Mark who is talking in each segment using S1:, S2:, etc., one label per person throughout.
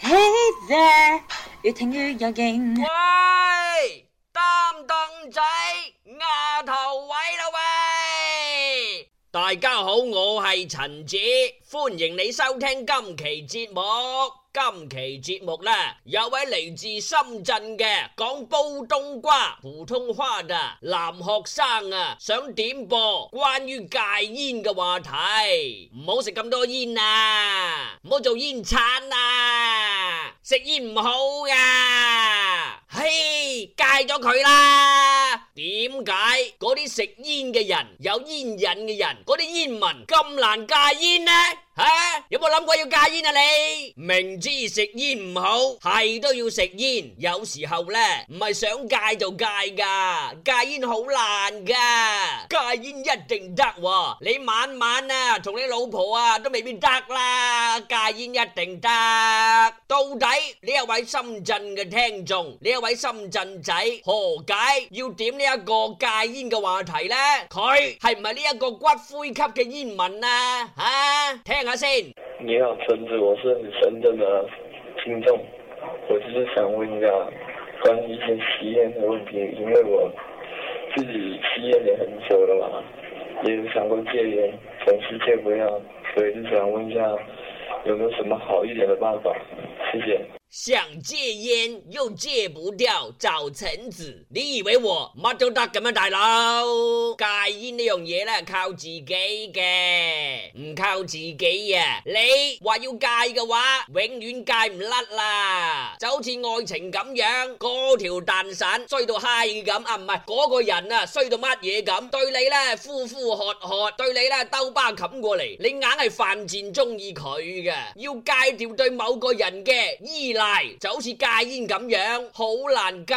S1: 起嘅越聽越有勁。Hey, you you 喂，擔凳仔，霸頭位啦喂！大家好，我係陳子，歡迎你收聽今期節目。今期節目呢，有位嚟自深圳嘅講煲冬瓜普通話嘅男學生啊，想點播關於戒煙嘅話題，唔好食咁多煙啊，唔好做煙鏟啊，食煙唔好噶啊，嘿，戒咗佢啦。點解嗰啲食煙嘅人，有煙癮嘅人，嗰啲煙民咁難戒煙呢？吓、啊、有冇諗過要戒煙啊你？你明知食煙唔好，係都要食煙。有時候呢，唔係想戒就戒㗎，戒煙好難㗎。戒煙一定得喎，你晚晚啊同你老婆啊都未必得啦，戒煙一定得。到底呢一位深圳嘅聽眾，呢一位深圳仔，何解要點呢一個戒煙嘅話題呢？佢係唔係呢一個骨灰級嘅煙民啊？吓、啊，聽下先。你好，陳子，我是你深圳嘅聽眾，我就是想問一下關於吸煙嘅問題，因為我。自己吸煙也很久了嘛，也有想過戒煙，總是戒不掉，所以就想問一下，有沒有什麼好一點的辦法？謝謝。想戒煙又戒不掉，找橙子，你以為我乜都得咁樣，大佬？戒煙呢樣嘢咧，靠自己嘅，唔靠自己啊！你話要戒嘅話，永遠戒唔甩啦，就好似愛情咁樣，嗰條蛋散衰到閪咁啊，唔係嗰個人啊，衰到乜嘢咁，對你咧呼呼喝喝，對你咧兜巴冚過嚟，你硬係犯賤鍾意佢嘅，要戒掉對某個人嘅依賴。就好似戒煙咁樣，好難戒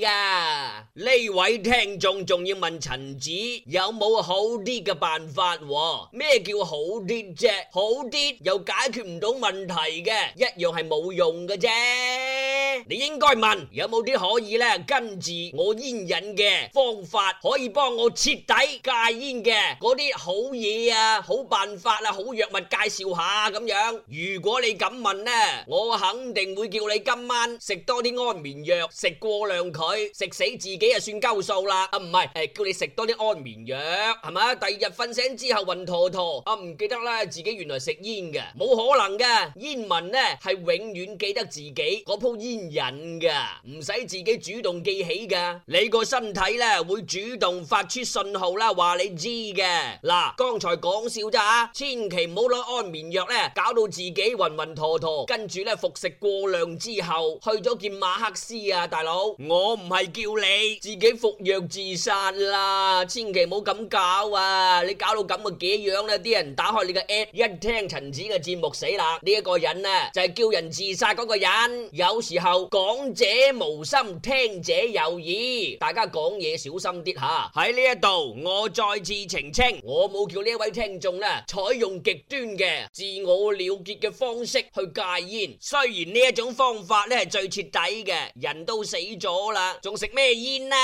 S1: 噶。呢位聽眾仲要問陳子有冇好啲嘅辦法？咩叫好啲啫？好啲又解決唔到問題嘅，一樣係冇用嘅啫。你應該問有冇啲可以咧跟住我煙癮嘅方法，可以幫我徹底戒煙嘅嗰啲好嘢啊，好辦法啊，好藥物介紹下咁樣。如果你咁問呢，我肯定會叫你今晚食多啲安眠藥，食過量佢食死自己就算啊，算鳩數啦啊，唔係誒，叫你食多啲安眠藥係咪？第二日瞓醒之後暈陀陀啊，唔記得啦，自己原來食煙嘅，冇可能嘅，煙民呢，係永遠記得自己嗰鋪煙。忍噶，唔使自己主動記起噶，你個身體咧會主動發出信號啦，話你知嘅。嗱，剛才講笑咋，千祈唔好攞安眠藥咧，搞到自己暈暈陀陀，跟住咧服食過量之後去咗見馬克思啊，大佬！我唔係叫你自己服藥自殺啦，千祈唔好咁搞啊！你搞到咁嘅嘅樣咧，啲人打開你嘅 app 一聽陳子嘅節目死啦，呢一個人啊就係叫人自殺嗰個人，有時候。講者無心，聽者有意。大家講嘢小心啲吓。喺呢一度，我再次澄清，我冇叫呢一位聽眾，採用極端嘅自我了結嘅方式去戒煙。雖然呢一種方法係最徹底嘅，人都死咗啦，仲食咩煙呢？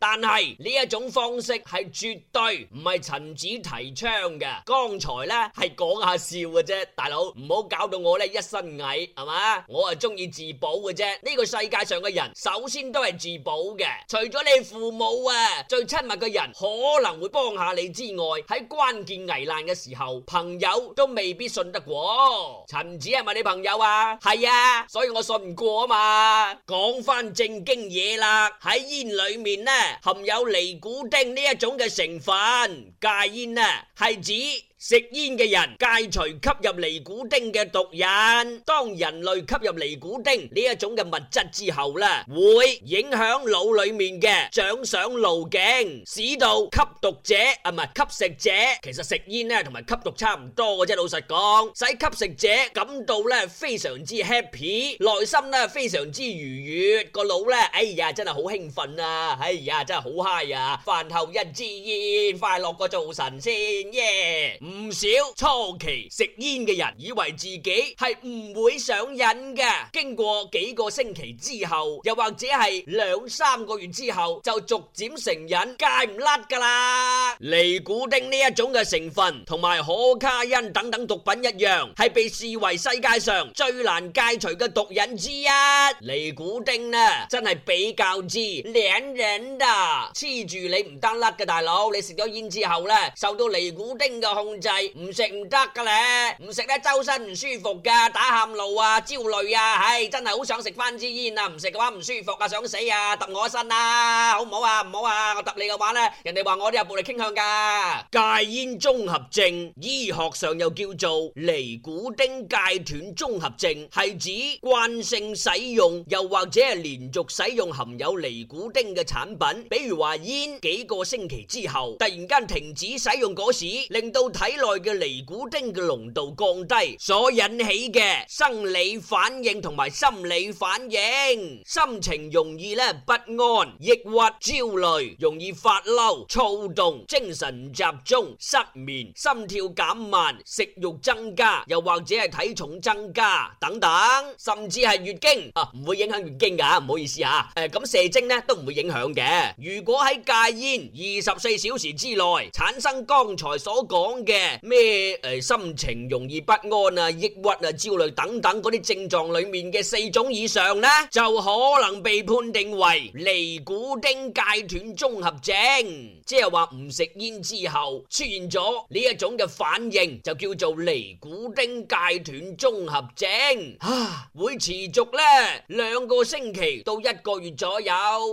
S1: 但係，呢一種方式係絕對，唔係陳子提倡嘅。剛才呢，是講下笑嘅啫，大佬，唔好搞到我呢一身蟻，係咪？我係鍾意自保嘅啫，呢個世界上嘅人首先都係自保嘅，除咗你父母啊，最親密嘅人可能會幫下你之外，喺關鍵危難嘅時候，朋友都未必信得過。陳子係咪你朋友啊？係啊，所以我信唔過啊嘛。講翻正經嘢啦，喺煙裏面咧含有尼古丁呢一種嘅成分，戒煙啊係指。食煙嘅人戒除吸入尼古丁嘅毒癮。當人類吸入尼古丁呢一種嘅物質之後呢，會影響腦裏面嘅獎賞路徑，使到吸毒者啊唔係吸食者，其實食煙呢同埋吸毒差唔多嘅啫。老實講，使吸食者感到呢非常之 happy，內心呢非常之愉悅，個腦呢，哎呀真係好興奮啊，哎呀真係好嗨呀、啊！飯後一支煙，快樂過做神仙耶。Yeah! 唔少初期食煙嘅人以為自己係唔會上癮嘅，經過幾個星期之後，又或者係兩三個月之後，就逐漸成癮，戒唔甩噶啦。尼古丁呢一種嘅成分，同埋可卡因等等毒品一樣，係被視為世界上最難戒除嘅毒癮之一。尼古丁呢，真係比較之兩忍噶，黐住你唔單甩嘅大佬，你食咗煙之後呢，受到尼古丁嘅控。唔食唔得噶咧，唔食咧周身唔舒服噶，打喊路啊，焦慮啊，唉，真係好想食翻支煙啊！唔食嘅話唔舒服啊，想死啊，揼我一身啊，好唔好啊？唔好啊，我揼你嘅話咧，人哋話我都有暴力傾向噶。戒煙綜合症，醫學上又叫做尼古丁戒斷綜合症，係指慣性使用又或者係連續使用含有尼古丁嘅產品，比如話煙，幾個星期之後突然間停止使用嗰時，令到體。體內嘅尼古丁嘅濃度降低所引起嘅生理反應同埋心理反應，心情容易咧不安、抑鬱、焦慮，容易發嬲、躁動、精神唔集中、失眠、心跳減慢、食欲增加，又或者係體重增加等等，甚至係月經啊，唔會影響月經噶，唔好意思吓，誒咁射精咧都唔會影響嘅。如果喺戒煙二十四小時之內產生剛才所講嘅。咩誒，心情容易不安啊、抑鬱啊、焦慮等等嗰啲症狀裏面嘅四種以上呢，就可能被判定為尼古丁戒斷綜合症，即係話唔食煙之後出現咗呢一種嘅反應，就叫做尼古丁戒斷綜合症啊，會持續呢兩個星期到一個月左右。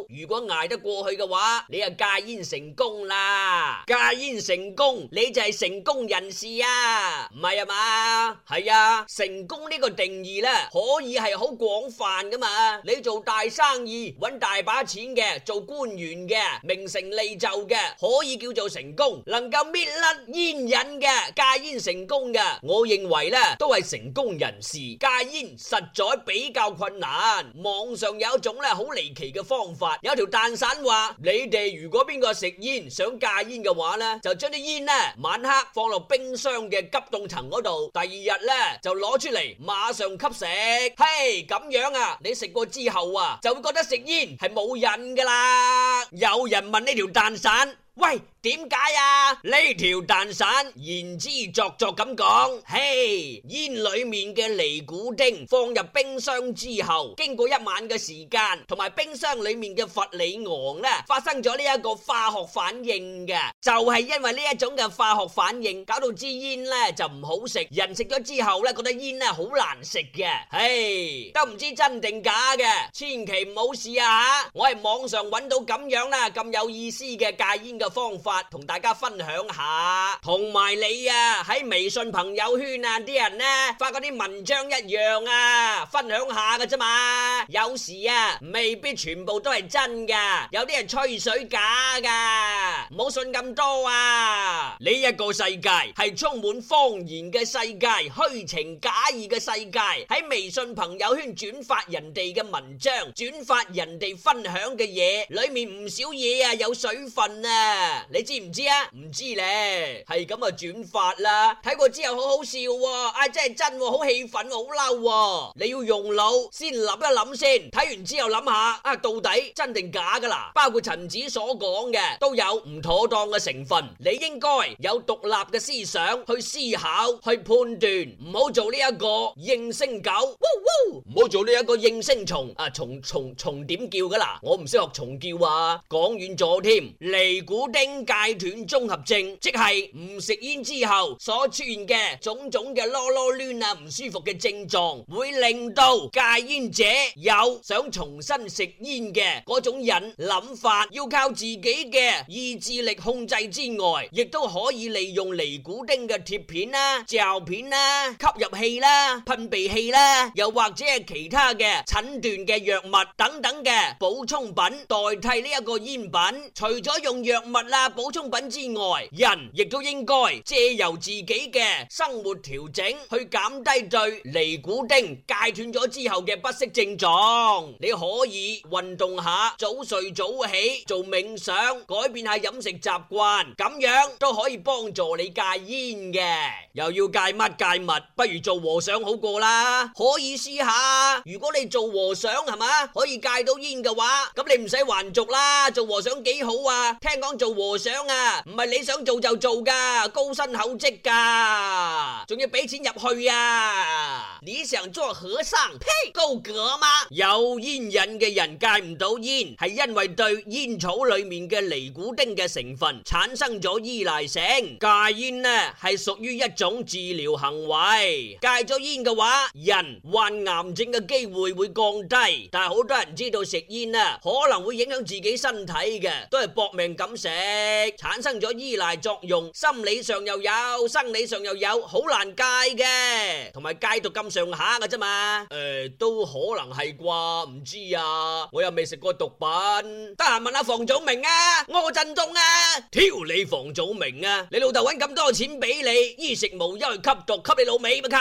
S1: 如果捱得過去嘅話，你就戒煙成功啦！戒煙成功，你就係成功。人士啊，唔係啊嘛？係啊，成功呢個定義呢，可以係好廣泛噶嘛。你做大生意搵大把錢嘅，做官員嘅，名成利就嘅，可以叫做成功。能夠搣甩煙癮嘅，戒煙成功嘅，我認為呢都係成功人士。戒煙實在比較困難。網上有一種呢好離奇嘅方法，有一條蛋散話：你哋如果邊個食煙想戒煙嘅話呢，就將啲煙呢晚黑。放落冰箱嘅急凍層嗰度，第二日呢就攞出嚟馬上吸食，嘿，咁樣啊，你食過之後啊，就會覺得食煙係冇癮㗎喇。有人問呢條蛋散，喂，點解啊，呢條蛋散言之鑿鑿咁講，嘿，hey，煙裏面嘅尼古丁放入冰箱之後，經過一晚嘅時間，同埋冰箱裏面嘅氟里昂咧，發生咗呢一個化學反應嘅，就係因為呢一種嘅化學反應，搞到支煙咧就唔好食，人食咗之後咧覺得煙咧好難食嘅，嘿、hey，都唔知真定假嘅，千祈唔好試啊吓！我喺網上揾到咁樣啦，咁有意思嘅戒煙嘅。方法同大家分享下，同埋你啊喺微信朋友圈啊啲人呢發嗰啲文章一樣啊，分享下噶啫嘛。有時啊未必全部都係真噶，有啲人吹水假噶，唔好信咁多啊。呢一個世界係充滿謊言嘅世界，虛情假意嘅世界。喺微信朋友圈轉發人哋嘅文章，轉發人哋分享嘅嘢，裏面唔少嘢啊有水分啊。你知唔知啊？唔知咧，係咁啊！轉發啦，睇過之後好好笑喎！啊，真係真，好氣憤，好嬲！你要用腦，先諗一諗先。睇完之後諗下，啊，到底真定假噶啦？包括陳子所講嘅，都有唔妥當嘅成分。你應該有獨立嘅思想去思考，去判斷，唔好做呢一個應聲狗，唔好做呢一個應聲蟲。啊，蟲蟲蟲點叫噶啦？我唔識學蟲叫啊！講遠咗添，尼古丁戒斷綜合症，即係唔食煙之後所出現嘅種種嘅囉囉攣啊，唔舒服嘅症狀，會令到戒煙者有想重新食煙嘅嗰種癮諗法，要靠自己嘅意志力控制之外，亦都可以利用尼古丁嘅貼片啦、嚼片啦、吸入器啦、噴鼻器啦，又或者係其他嘅診斷嘅藥物等等嘅補充品代替呢一個煙品，除咗用藥物。物啦，補充品之外，人亦都應該借由自己嘅生活調整去減低對尼古丁戒斷咗之後嘅不適症狀。你可以運動下，早睡早起，做冥想，改變下飲食習慣，咁樣都可以幫助你戒煙嘅。又要戒乜戒物，不如做和尚好過啦。可以試下，如果你做和尚係咪，可以戒到煙嘅話，咁你唔使還俗啦。做和尚幾好啊，聽講。做和尚啊，唔係你想做就做噶，高薪厚職噶，仲要俾錢入去啊！你想做和尚？呸，夠格嗎？有煙癮嘅人戒唔到煙，係因為對煙草裏面嘅尼古丁嘅成分產生咗依賴性。戒煙呢，係屬於一種治療行為，戒咗煙嘅話，人患癌症嘅機會會降低。但係好多人知道食煙啊，可能會影響自己身體嘅，都係搏命咁食。食產生咗依賴作用，心理上又有，生理上又有，好難戒嘅，同埋戒毒咁上下嘅啫嘛。誒，都可能係啩，唔知啊，我又未食過毒品。得閒問下房祖名啊，柯震東啊，挑你房祖名啊，你老豆搵咁多錢俾你，衣食無憂，因為吸毒，吸你老味咪吸。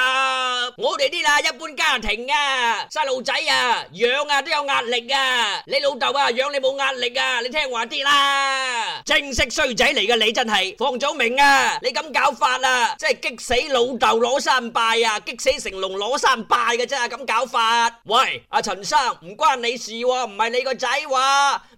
S1: 我哋啲啦，一般家庭啊，細路仔啊，養啊都有壓力啊。你老豆啊，養你冇壓力啊，你聽話啲啦。正式衰仔嚟噶，你真係房祖名啊！你咁搞法啊，即係激死老豆攞三拜啊，激死成龍攞三拜嘅真係咁搞法。喂，阿陳生，唔關你事，唔係你個仔，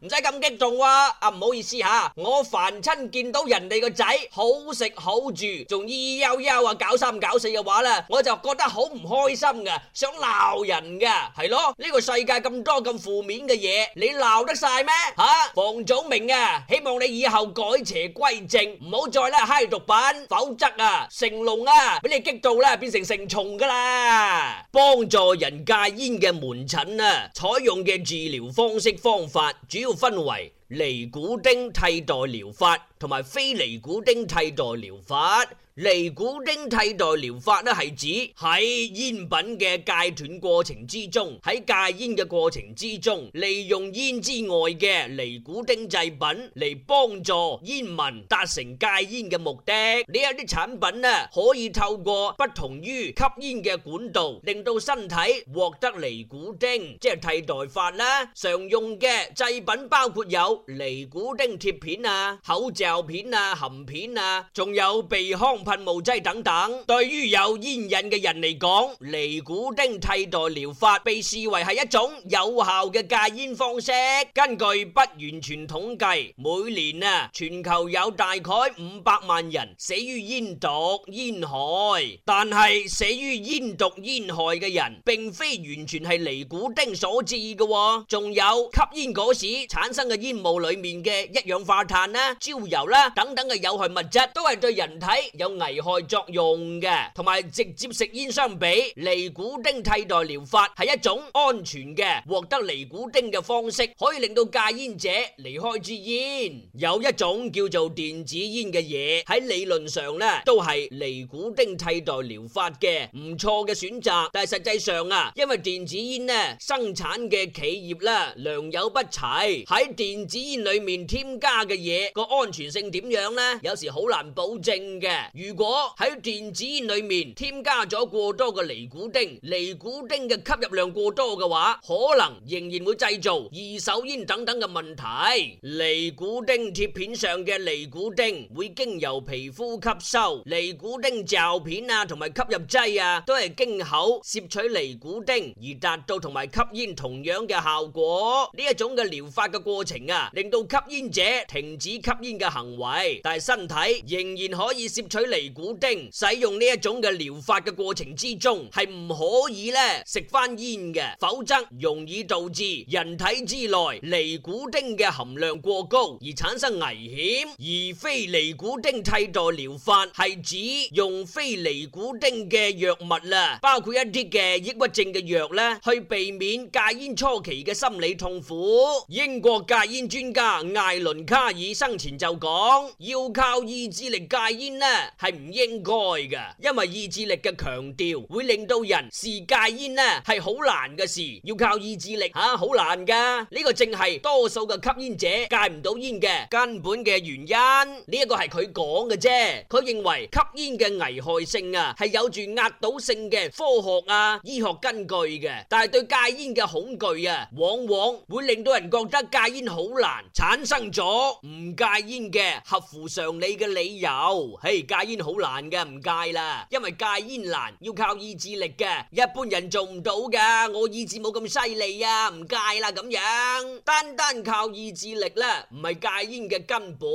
S1: 唔使咁激動啊！唔好意思吓，我凡親見到人哋個仔好食好住，仲咿咿呀呀啊搞三搞四嘅話咧，我就覺得好唔開心噶，想鬧人噶。係咯，呢個世界咁多咁負面嘅嘢，你鬧得晒咩吓？房祖名啊，希望你。以後改邪歸正，唔好再咧嗨毒品，否則啊，成龍啊，俾你激到啦，變成成蟲噶啦！幫助人戒煙嘅門診啊，採用嘅治療方式方法主要分為尼古丁替代療法同埋非尼古丁替代療法。尼古丁替代療法咧係指喺煙品嘅戒斷過程之中，喺戒煙嘅過程之中，利用煙之外嘅尼古丁製品嚟幫助煙民達成戒煙嘅目的。呢一啲產品啊，可以透過不同於吸煙嘅管道，令到身體獲得尼古丁，即係替代法啦。常用嘅製品包括有尼古丁貼片啊、口罩片啊、含片啊，仲有鼻腔片。噴霧劑等等，對於有煙癮嘅人嚟講，尼古丁替代療法被視為係一種有效嘅戒煙方式。根據不完全統計，每年啊，全球有大概五百萬人死於煙毒煙害。但係死於煙毒煙害嘅人，並非完全係尼古丁所致嘅，仲有吸煙嗰時產生嘅煙霧裏面嘅一氧化碳啦、焦油啦等等嘅有害物質，都係對人體有危害作用嘅，同埋直接食煙相比，尼古丁替代療法係一種安全嘅，獲得尼古丁嘅方式，可以令到戒煙者離開支煙。有一種叫做電子煙嘅嘢，喺理論上咧都係尼古丁替代療法嘅唔錯嘅選擇，但係實際上啊，因為電子煙咧生產嘅企業咧良莠不齊，喺電子煙裏面添加嘅嘢個安全性點樣呢？有時好難保證嘅。如果喺電子煙裏面添加咗過多嘅尼古丁，尼古丁嘅吸入量過多嘅話，可能仍然會製造二手煙等等嘅問題。尼古丁貼片上嘅尼古丁會經由皮膚吸收，尼古丁嚼片啊同埋吸入劑啊都係經口攝取尼古丁而達到同埋吸煙同樣嘅效果。呢一種嘅療法嘅過程啊，令到吸煙者停止吸煙嘅行為，但係身體仍然可以攝取。尼古丁使用呢一種嘅療法嘅過程之中，係唔可以咧食翻煙嘅，否則容易導致人體之內尼古丁嘅含量過高而產生危險。而非尼古丁替代療法係指用非尼古丁嘅藥物啦，包括一啲嘅抑鬱症嘅藥咧，去避免戒煙初期嘅心理痛苦。英國戒煙專家艾倫卡爾生前就講，要靠意志力戒煙呢，係唔應該嘅，因為意志力嘅強調會令到人事戒煙呢係好難嘅事，要靠意志力吓好、啊、難噶。呢、這個正係多數嘅吸煙者戒唔到煙嘅根本嘅原因。呢、這、一個係佢講嘅啫，佢認為吸煙嘅危害性啊係有住壓倒性嘅科學啊醫學根據嘅，但係對戒煙嘅恐懼啊，往往會令到人覺得戒煙好難，產生咗唔戒煙嘅合乎常理嘅理由。嘿戒。戒煙好難嘅，唔戒啦，因為戒煙難，要靠意志力嘅，一般人做唔到噶，我意志冇咁犀利啊，唔戒啦咁樣，單單靠意志力咧，唔係戒煙嘅根本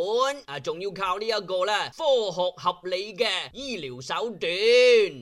S1: 啊，仲要靠呢一個咧，科學合理嘅醫療手段。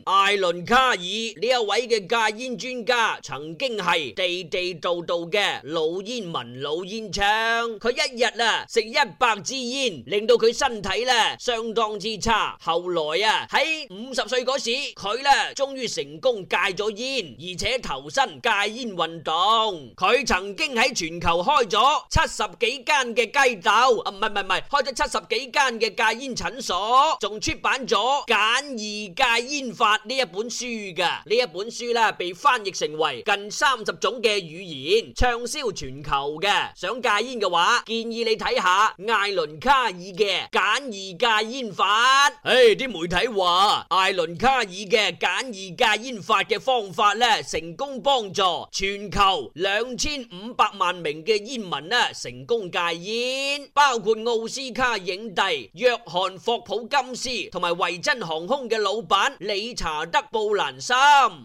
S1: 艾倫卡爾呢一位嘅戒煙專家，曾經係地地道道嘅老煙民、老煙槍，佢一日啊食一百支煙，令到佢身體咧相當之差。後來啊，喺五十歲嗰時，佢咧終於成功戒咗煙，而且投身戒煙運動。佢曾經喺全球開咗七十幾間嘅雞鬥，唔係唔係唔係，開咗七十幾間嘅戒煙診所，仲出版咗《簡易戒煙法》呢一本書噶。呢一本書咧，被翻譯成為近三十種嘅語言，暢銷全球嘅。想戒煙嘅話，建議你睇下艾倫卡爾嘅《簡易戒煙法》。啲、哎、媒體話艾倫卡爾嘅簡易戒煙法嘅方法咧，成功幫助全球兩千五百萬名嘅煙民咧成功戒煙，包括奧斯卡影帝約翰霍普金斯同埋維珍航空嘅老闆理查德布蘭森，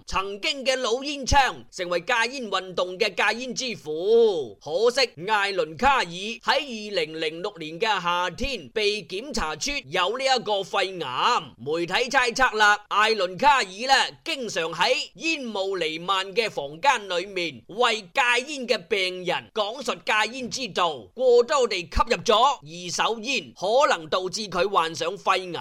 S1: 曾經嘅老煙槍成為戒煙運動嘅戒煙之父。可惜艾倫卡爾喺二零零六年嘅夏天被檢查出有呢一個肺癌媒體猜測啦，艾倫卡爾咧經常喺煙霧彌漫嘅房間裏面為戒煙嘅病人講述戒煙之道，過多地吸入咗二手煙，可能導致佢患上肺癌。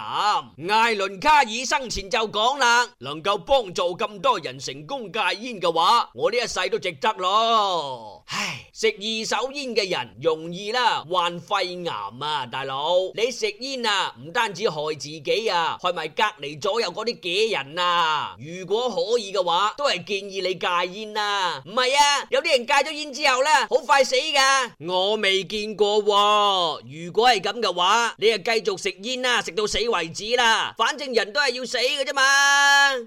S1: 艾倫卡爾生前就講啦，能夠幫助咁多人成功戒煙嘅話，我呢一世都值得咯。唉，食二手煙嘅人容易啦患肺癌啊，大佬你食煙啊唔單止害自己，幾啊，係咪隔離左右嗰啲假人啊？如果可以嘅話，都係建議你戒煙啦。唔係啊，有啲人戒咗煙之後咧，好快死噶。我未見過，如果係咁嘅話，你啊繼續食煙啦，食到死為止啦。反正人都係要死嘅啫嘛。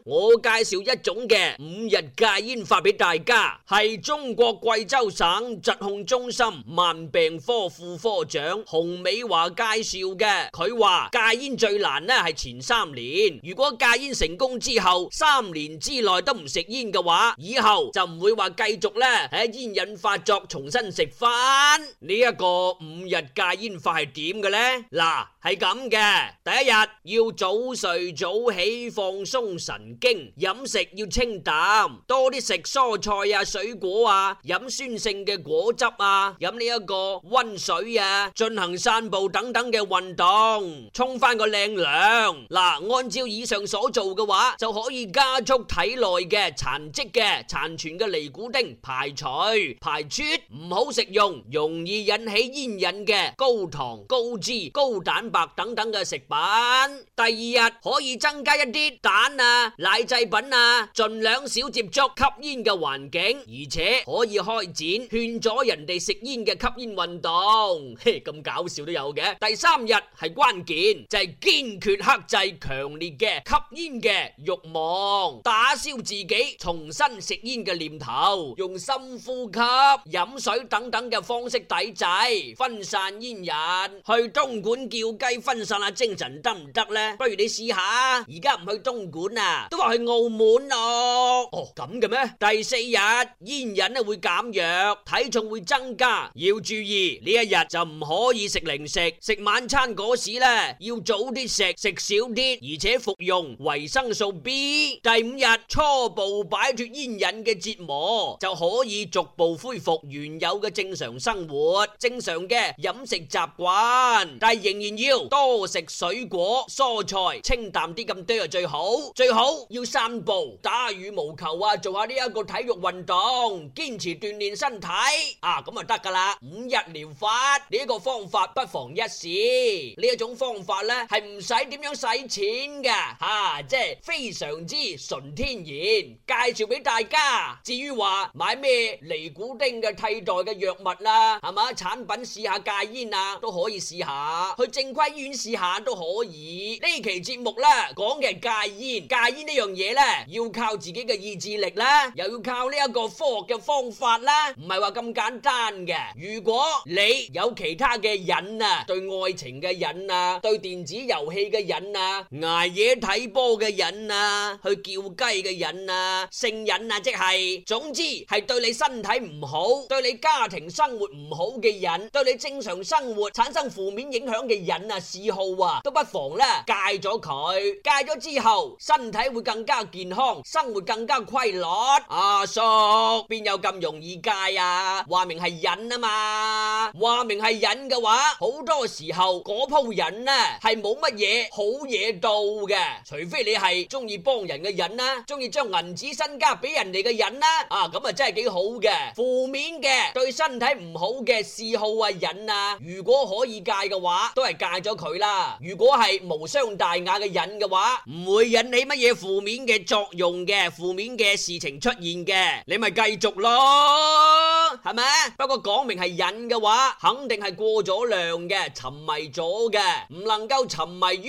S1: 我介紹一種嘅五日戒煙法俾大家，係中國貴州省疾控中心慢病科副科長洪美華介紹嘅。佢話戒煙最難。咧係前三年，如果戒煙成功之後，三年之內都唔食煙嘅話，以後就唔會話繼續咧喺煙癮發作，重新食翻。呢一個五日戒煙法係點嘅呢？嗱，係咁嘅，第一日要早睡早起，放鬆神經，飲食要清淡，多啲食蔬菜啊、水果啊，飲酸性嘅果汁啊，飲呢一個溫水啊，進行散步等等嘅運動，沖翻個靚。嗱，按照以上所做嘅話，就可以加速體內嘅殘積嘅殘存嘅尼古丁排除排出。唔好食用容易引起煙癮嘅高糖、高脂、高蛋白等等嘅食品。第二日可以增加一啲蛋啊、奶製品啊，盡量少接觸吸煙嘅環境，而且可以開展勸阻人哋食煙嘅吸煙運動。嘿，咁搞笑都有嘅。第三日係關鍵，就係、是、堅。決克制強烈嘅吸煙嘅慾望，打消自己重新食煙嘅念頭，用深呼吸、飲水等等嘅方式抵制，分散煙癮。去東莞叫雞分散下精神得唔得咧？不如你試下，而家唔去東莞啊，都話去澳門咯。哦，咁嘅咩？第四日煙癮咧會減弱，體重會增加，要注意呢一日就唔可以食零食，食晚餐嗰時咧要早啲食。食少啲，而且服用維生素 B。第五日初步擺脫煙癮嘅折磨，就可以逐步恢復原有嘅正常生活，正常嘅飲食習慣。但係仍然要多食水果、蔬菜，清淡啲咁啲啊最好。最好要散步、打羽毛球啊，做下呢一個體育運動，堅持鍛煉身體啊，咁就得噶啦。五日療法呢一個方法不妨一試。呢一種方法咧係唔使。睇點樣使錢嘅吓，即係非常之純天然，介紹俾大家。至於話買咩尼古丁嘅替代嘅藥物啦，係嘛產品試下戒煙啊，都可以試下。去正規醫院試下都可以。呢期節目咧講嘅係戒煙，戒煙呢樣嘢咧要靠自己嘅意志力啦，又要靠呢一個科學嘅方法啦，唔係話咁簡單嘅。如果你有其他嘅癮啊，對愛情嘅癮啊，對電子遊戲嘅癮啊，挨夜睇波嘅癮啊，去叫雞嘅癮啊，性癮啊，即係總之係對你身體唔好，對你家庭生活唔好嘅癮，對你正常生活產生負面影響嘅癮啊，嗜好啊，都不妨咧戒咗佢。戒咗之後，身體會更加健康，生活更加規律。阿、啊、叔，邊有咁容易戒啊？話明係癮啊嘛，話明係癮嘅話，好多時候嗰鋪癮咧係冇乜嘢。好嘢到嘅，除非你係中意幫人嘅癮啦，中意將銀紙身家俾人哋嘅癮啦，啊咁啊真係幾好嘅。負面嘅對身體唔好嘅嗜好啊，癮啊，如果可以戒嘅話，都係戒咗佢啦。如果係無傷大雅嘅癮嘅話，唔會引起乜嘢負面嘅作用嘅，負面嘅事情出現嘅，你咪繼續咯，係咪？不過講明係癮嘅話，肯定係過咗量嘅，沉迷咗嘅，唔能夠沉迷於，